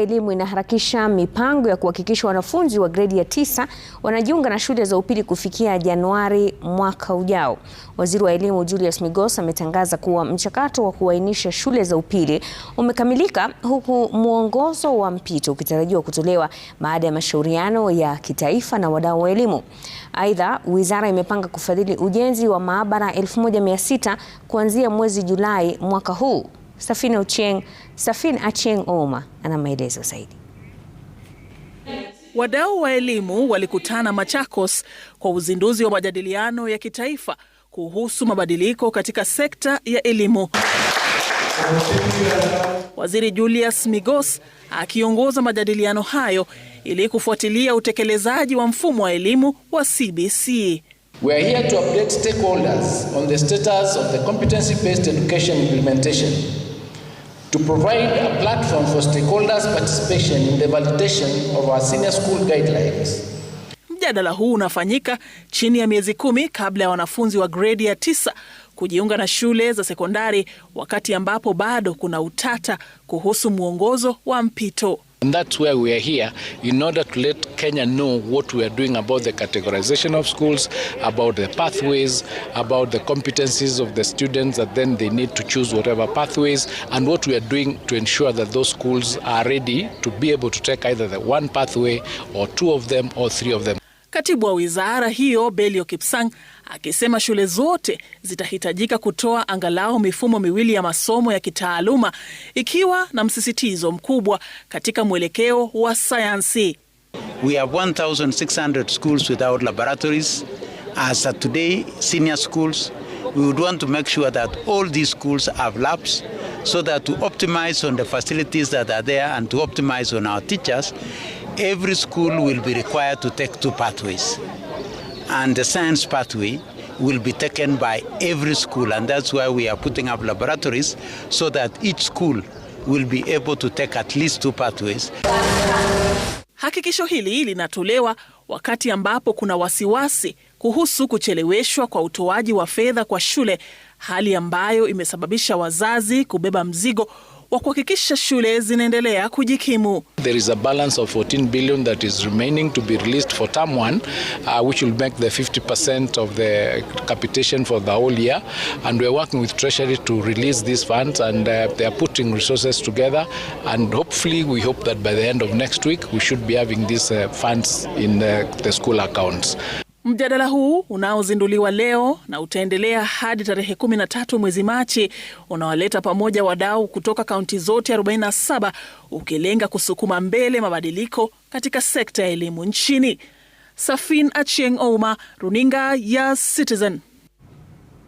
elimu inaharakisha mipango ya kuhakikisha wanafunzi wa gredi ya tisa wanajiunga na shule za upili kufikia Januari mwaka ujao. Waziri wa Elimu Julius Migos ametangaza kuwa mchakato wa kuainisha shule za upili umekamilika huku mwongozo wa mpito ukitarajiwa kutolewa baada ya mashauriano ya kitaifa na wadau wa elimu. Aidha, wizara imepanga kufadhili ujenzi wa maabara 1600 kuanzia mwezi Julai mwaka huu. Safina Ochieng, Safin Achieng Oma ana maelezo zaidi. Wadau wa elimu walikutana Machakos kwa uzinduzi wa majadiliano ya kitaifa kuhusu mabadiliko katika sekta ya elimu. Waziri Julius Migos akiongoza majadiliano hayo ili kufuatilia utekelezaji wa mfumo wa elimu wa CBC. We are here to update stakeholders on the status of the competency based education implementation to provide a platform for stakeholders participation in the validation of our senior school guidelines. Mjadala huu unafanyika chini ya miezi kumi kabla ya wanafunzi wa gredi ya tisa kujiunga na shule za sekondari, wakati ambapo bado kuna utata kuhusu mwongozo wa mpito. And that's where we are here in order to let Kenya know what we are doing about the categorization of schools, about the pathways, about the competencies of the students that then they need to choose whatever pathways and what we are doing to ensure that those schools are ready to be able to take either the one pathway or two of them or three of them. Katibu wa wizara hiyo Belio Kipsang akisema shule zote zitahitajika kutoa angalau mifumo miwili ya masomo ya kitaaluma ikiwa na msisitizo mkubwa katika mwelekeo wa sayansi. We have 1600 schools without laboratories. As of today, senior schools, we would want to make sure that all these schools have labs so that to optimize on the facilities that are there and to optimize on our teachers every school will be required to take two pathways. And the science pathway will be taken by every school. And that's why we are putting up laboratories so that each school will be able to take at least two pathways. Hakikisho hili linatolewa wakati ambapo kuna wasiwasi kuhusu kucheleweshwa kwa utoaji wa fedha kwa shule, hali ambayo imesababisha wazazi kubeba mzigo wa kuhakikisha shule zinaendelea kujikimu. There is a balance of 14 billion that is remaining to be released for term 1 uh, which will make the 50% of the capitation for the whole year and we are working with treasury to release these funds and uh, they are putting resources together and hopefully we hope that by the end of next week we should be having these uh, funds in the, the school accounts. Mjadala huu unaozinduliwa leo na utaendelea hadi tarehe 13 mwezi Machi unawaleta pamoja wadau kutoka kaunti zote 47 ukilenga kusukuma mbele mabadiliko katika sekta ya elimu nchini. Safin Achieng Ouma, runinga ya Citizen.